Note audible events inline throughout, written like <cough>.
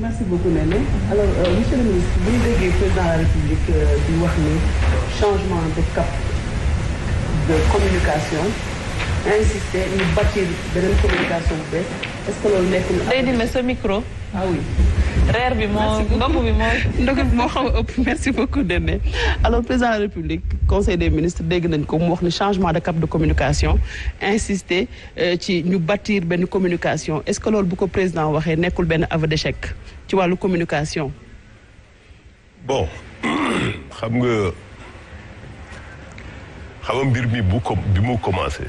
merci beaucoup Néné alors euh, monsieur le ministre bu ñu déggee président de la république euh, di wax ni changement de cap de communication. insister ñu bâtir beneen communication micro. Ah bi moo ndog bi <laughs> xaw ëpp merci beaucoup Deme alors président de la dégg nañ ko mu wax ni changement de cap de communication insister euh, ci ñu bâtir benn communication est-ce que bu ko président waxee nekkul benn aveu d'échec ci communication. bon <coughs> xam nga xam nga mbir mi bu ko bi mu commencé.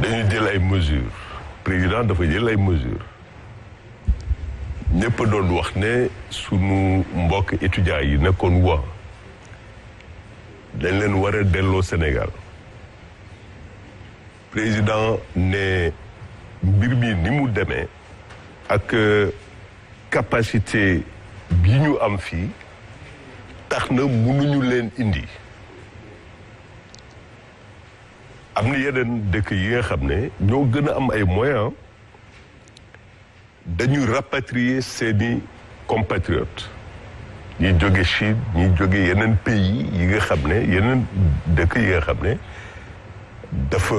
dañuy jël ay mesures président dafa jël ay mesures ñëpp doon wax ne sunu mbokk étudiants yi nekkoon waa dañ leen war a delloo Sénégal président ne mbir mi ni mu demee ak euh, capacité bi ñu am fii tax na mënuñu leen indi am na yeneen dëkk yi nga xam ne ñoo gën a am ay moyens dañuy rapatrier seeni compatriotes ñi jóge Chine ñi jóge yeneen pays yi nga xam ne yeneen dëkk yi nga xam ne dafa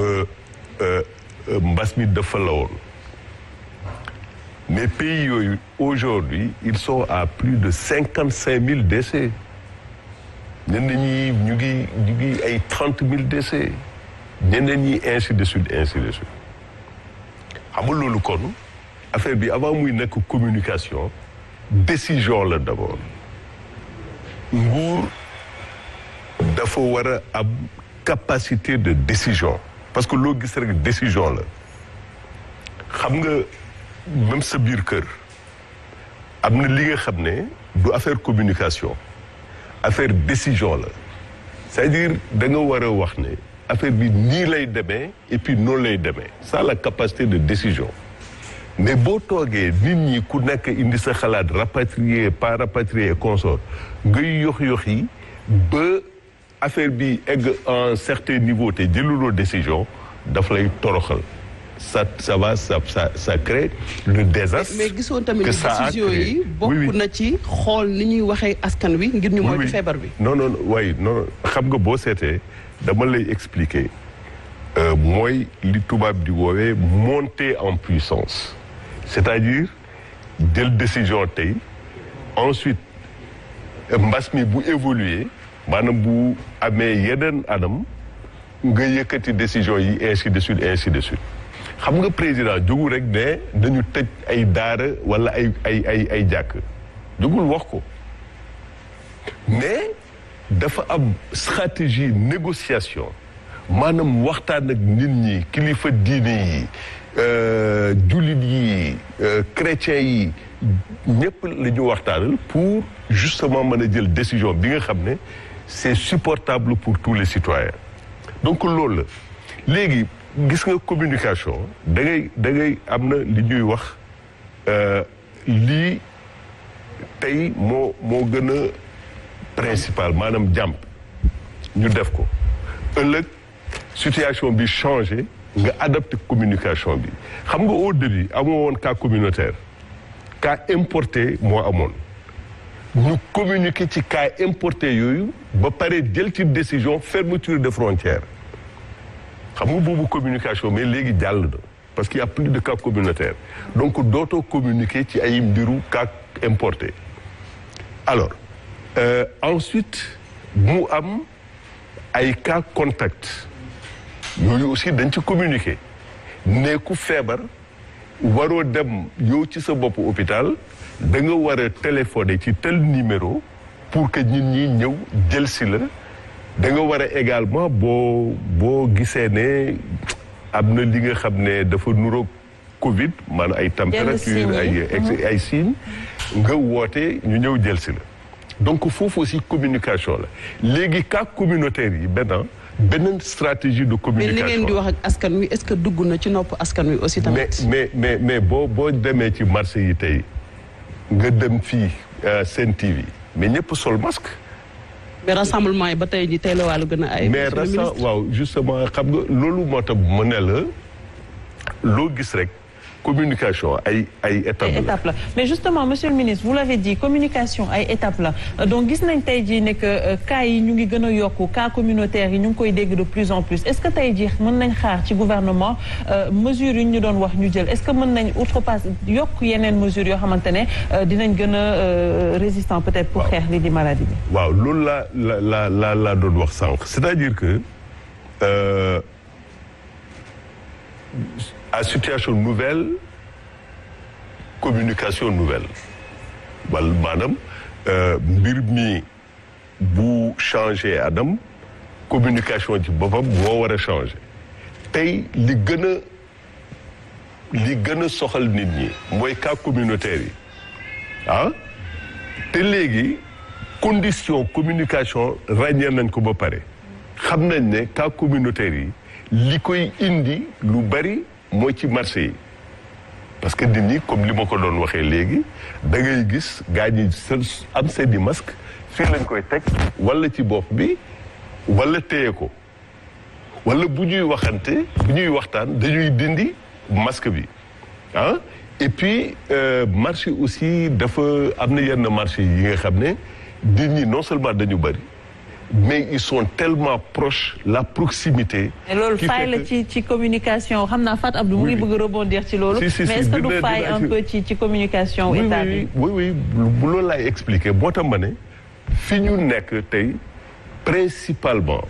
euh, mbas mi dafa lawoon mais pays yooyu aujourd'hui il sont à plus de cinquante cinq mille décès ñenn ñi ñu ngi ñu ngi ay trente mille décès ñeneen yi ainsi de suite ainsi de suite xam loolu kon affaire bi avant muy nekk communication décision la d'abord nguur dafa war a am capacité de décision parce que loo gis rek décision la xam nga même sa biir kër am na li nga xam ne du affaire communication affaire décision la c'est-à-dire da nga war a wax ne affaire bi nii lay demee et puis noonu lay demee ça la capacité de décision mais boo toogee nit ñi ku nekk indi sa xalaat rapatrier pas rapatrier consort ngay yox yox yi ba affaire bi egg un certain niveau te jëluloo décision daf lay toroxal ça ça va ça désastre. mais gisoon tamit décision yi bokk na ci xool ni ñuy waxee askan wi. ngir ñu moytu feebar bi. non non waaye xam nga boo seetee. dama lay expliquer euh, mooy li tubaab di woowee monter en puissance c'est-à-dire jël décision tey ensuite mbas mi bu évoluer maanaam bu amee yeneen adam nga yëkkati décision yi ainsi de suite ainsi de suite xam nga président jógu rek ne dañu tëj ay daara wala ay ay ay ay jàkk jógul wax ko mais dafa am stratégie négociation maanaam waxtaan ak nit ñi kilifa diine yi euh, jullit yi euh, chrétien yi ñëpp la ñu waxtaanal pour justement mën a jël décision bi nga xam ne c'est supportable pour tous les citoyens donc loolu la léegi gis nga communication da ngay da am na li ñuy wax euh, lii tey moo moo gën a principal maanaam jàmp ñu def ko ëllëg situation bi changé nga adapté communication bi xam nga au début amoo woon kaa communautaire cas importé moo amoon ñu communiqué ci cas importé yooyu ba pare jël ci décision fermeture de frontières xam nga boobu communication mais léegi jàll na parce qu'il y a plus de cas communautaire donc dootoo communiqué ci ay mbiru cas importé alors Euh, ensuite mu am ay cas contact yooyu aussi dañ ci communiquer ne feebar waroo dem yow ci sa boppu hôpital da nga war a ci tel numéro pour que nit ñi ñëw jël si la danga nga war a également boo boo gisee ne am na li nga xam ne dafa nuroog Covid maanaam ay température ay ay nga woote ñu ñëw jël si la donc foofu aussi communication la léegi cas communautaire yi benn beneen stratégie de communication mais li ngeen di wax ak askan wi est-ce que dugg na ci nopp askan wi aussi tamit. mais mais mais boo boo demee ci marché yi tey nga dem fii euh, seen TV mais ñëpp sol masque. mais rassemblement yi ba tey jii tey la wàllu gën a ay. mais rassan waaw justement xam nga loolu moo tax mu ne la loo gis rek. communication ay ay étape la mais justement monsieur le ministre vous l'avez dit communication ay étape la euh, donc gis nañ tey jii ne que euh, cas yi ñu ngi gën a yokku cas communautaire yi ñu ngi koy dégg de plus en plus est-ce que tey jii mën nañ xaar ci gouvernement euh, mesures yi ñu doon wax ñu jël est-ce que mën nañ outrepasser yokk yeneen mesures yoo xamante ne dinañ gën a résistant peut-être pour xeex li di maladie bi waaw loolu la la la la laa doon wax sànq c'est-à-dire que à situation nouvelle communication nouvelle wala euh, mbir mi bu changé adam communication ci boppam moo war a changé tey li gën a li gën a soxal nit ñi mooy cas communautaire yi ah te léegi condition communication ràññee nañ ko ba pare xam nañ ne cas communautaire yi li koy indi lu bari mooy ci marché yi parce que nit ñi comme li ma ko doon waxee léegi da ngay gis gaa ñi seen am seen i masque fii lañ koy teg wala ci bopp bi walla téye ko wala bu ñuy waxante bu ñuy waxtaan dañuy dindi masque bi ah et puis euh, marché aussi dafa am na yenn marché yi nga xam ne nit ñi non seulement dañu bëri mais ils sont tellement proches la proximité. qui loolu faille la ci ci communication xam naa Fat Abdou mu ngi bëgg rebondir ci loolu. mais est-ce du faille un peu ci communication. état bi bu loolu laay expliquer boo tax ma ne fi ñu nekk tey principalement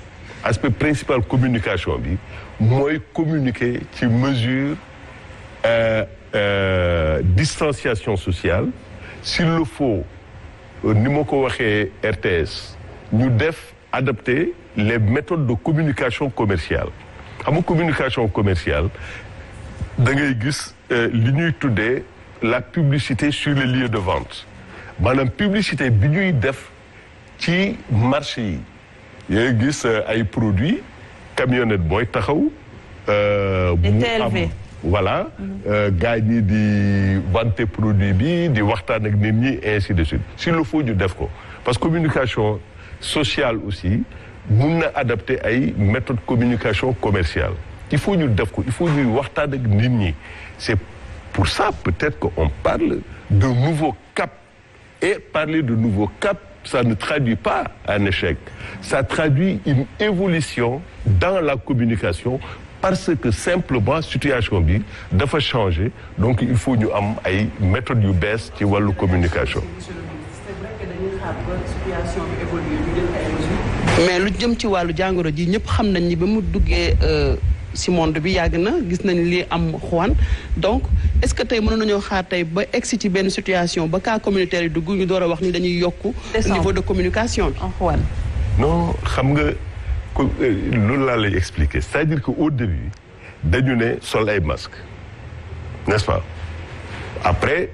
aspect principal communication bi mooy communiquer ci mesure euh, euh, distanciation sociale s'il le faut euh, ni ma ko waxee RTS. ñu def adapter les méthodes de communication commerciale xam nga communication commerciale da ngay gis euh, li ñuy tuddee la publicité sur les lieux de vente maanaam publicité bi ñuy def ci marché yi yooyu gis euh, ay produits camionnette mooy taxaw euh, mu am voilà gars ñi di wante produit bi di waxtaan ak nit ñi ainsi de suite s'il le faut ñu def ko parce que communication sociale aussi mun na adapté ay méthode communication commerciale il faut ñu def ko il faut ñuy waxtaan ak nit ñi c'est pour ça peut-être qu'on parle de nouveaux caps et parler de nouveaux caps ça ne traduit pas un échec ça traduit une évolution dans la communication parce que simplement situation bi dafa changer donc il faut ñu am ay méthodes yu bees ci wàllu communication étape mais lu jëm ci wàllu jàngoro ji ñëpp xam nañ ni ba mu duggee si euh, monde bi yàgg na gis nañ li am xuwaan donc est-ce que tey mënoon nañoo xaar tey ba egsi ci benn situation ba cas communautaire yi dugg ñu door a wax ni dañuy yokku. niveau de communication bi. xuwaan non xam nga euh, loolu laa lay expliquer c'est-à-dire que au début dañu ne sol ay masques n'est-ce pas après.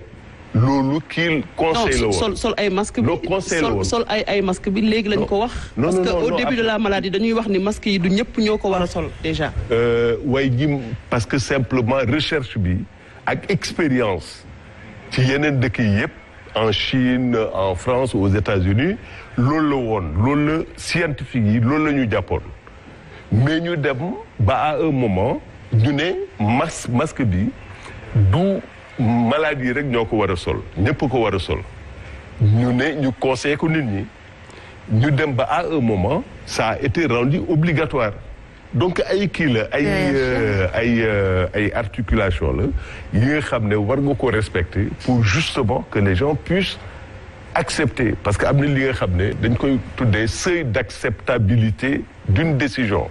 loolu kii conseil sol ay masque bi sol ay ay masque bi léegi lañ ko wax parce que au début de la maladie dañuy wax ni masque yi du ñëpp ñoo ko war a sol déjà euh, way ji parce que simplement recherche bi ak expérience ci yeneen dëkk yi yëpp en Chine en France aux États-Unis loolu la woon loolu la scientifique yi loolu la ñu jàppoon mais ñu dem ba à un moment ñu ne mas bi du malade yi rek ñoo ko war a sol ñëpp ko war a sol ñu ne ñu conseillé ko nit ñi ñu dem ba à un moment ça a été rendu obligatoire donc ay kii la ay euh, ay euh, ay articulation la yi nga xam ne war nga ko respecter pour justement que les gens puissent accepter parce que am na li nga xam ne dañ koy tuddee seuil d'acceptabilité d'une décision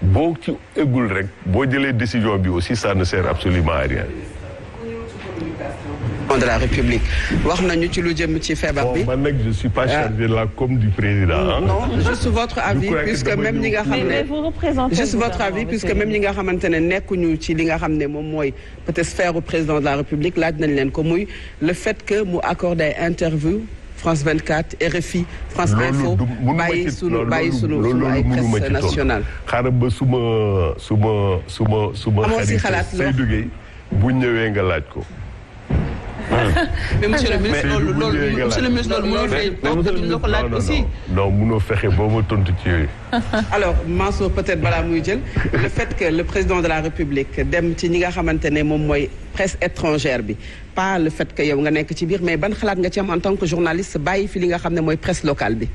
boo ci eggul rek boo jëlee décision bi aussi ça ne sert absolument à de la République wax nañu ci lu jëm ci feebar bi. man nag je suis pas euh, chargé de la com du président. même ñi nga xam ne juste votre avis puisque même ñi nga xamante ne nekkuñu ci li nga xam ne moom mooy peut-être sphère au laaj nañ leen ko muy le fait que mu accordé interview France 24 RFI France Info bàyyi sunu bàyyi sunu sunu ay presse nationale. xaaral ba su ma su ma su ma su ma xarit Seydou Gueye bu ñëwee nga laaj ko. <laughs> mais monsieur le ministre loolu loolu monsieur le la ko laaj aussi. boo ma tontu ci yooyu. <laughs> alors Mansour peut-être muy jël le fait que le président de la République dem ci ñi nga xamante ne moom mooy presse étrangère bi pas le fait que yow nga nekk ci biir mais ban xalaat nga ci am en tant que journaliste bàyyi fi li nga xam ne mooy presse locale bi.